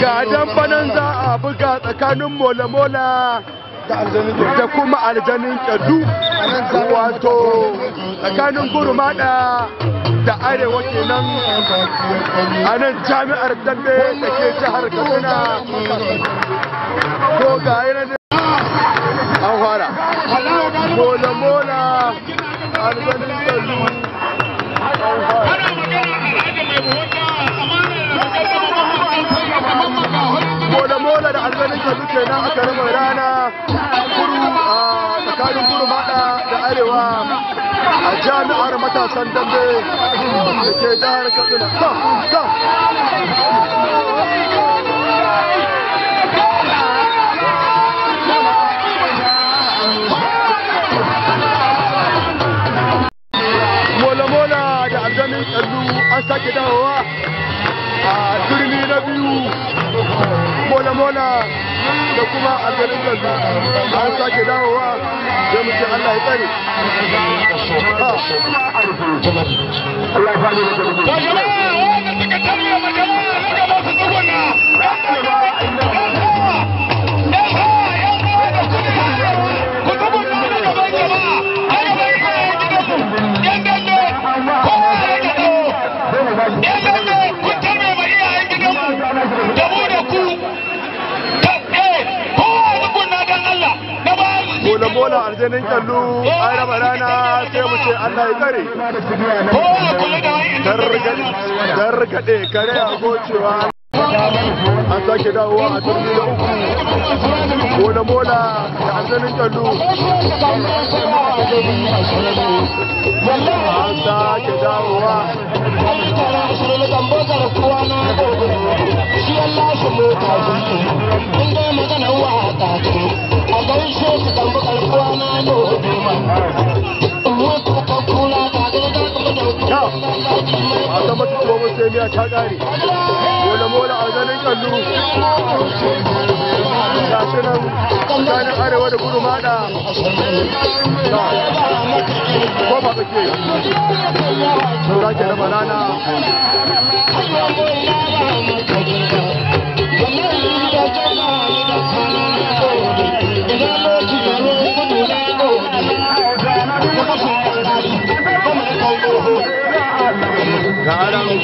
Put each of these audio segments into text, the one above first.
ga bana za a buga tsakanin mola-mola da kuma aljanin kyadu wato tsakanin gurmada da arewa kenan a nan jami'ar dambe da ke jihar kaduna bola da albanin ka duke nan aka raba rana kuru a tsakanin kuru da arewa a jami'ar matasan dambe da ke jihar kaduna an sake dawowa a turmi na biyu Ana da kuma a garin zanzu an sake dawowa da muke allah ya tsare Allah ya fadi da kola aljanin kyallu an raba rana sai mu ce allah ya kare gargaɗe kare a gocewa an sake dawowa a turmi da uku bola mola da aljanin kyallu an sake dawowa shi Allah shi mota shi magana wa ta ce miya ta ƙare mola mola a ganin kallo ga su nan tsakanin arewa da kudu maɗa ko ba kake saura ke da banana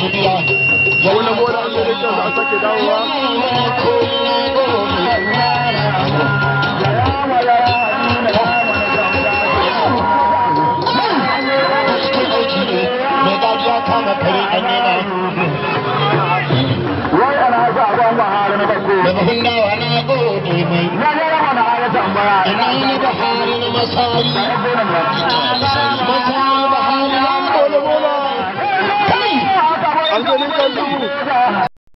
kibiya zaune bola an zai kyau da sake dawowa Mai dajiya kama kare ɗan yana. Wai ana na bako. Da mahun na gode Ina yi na bahari na Masari. Aleluia.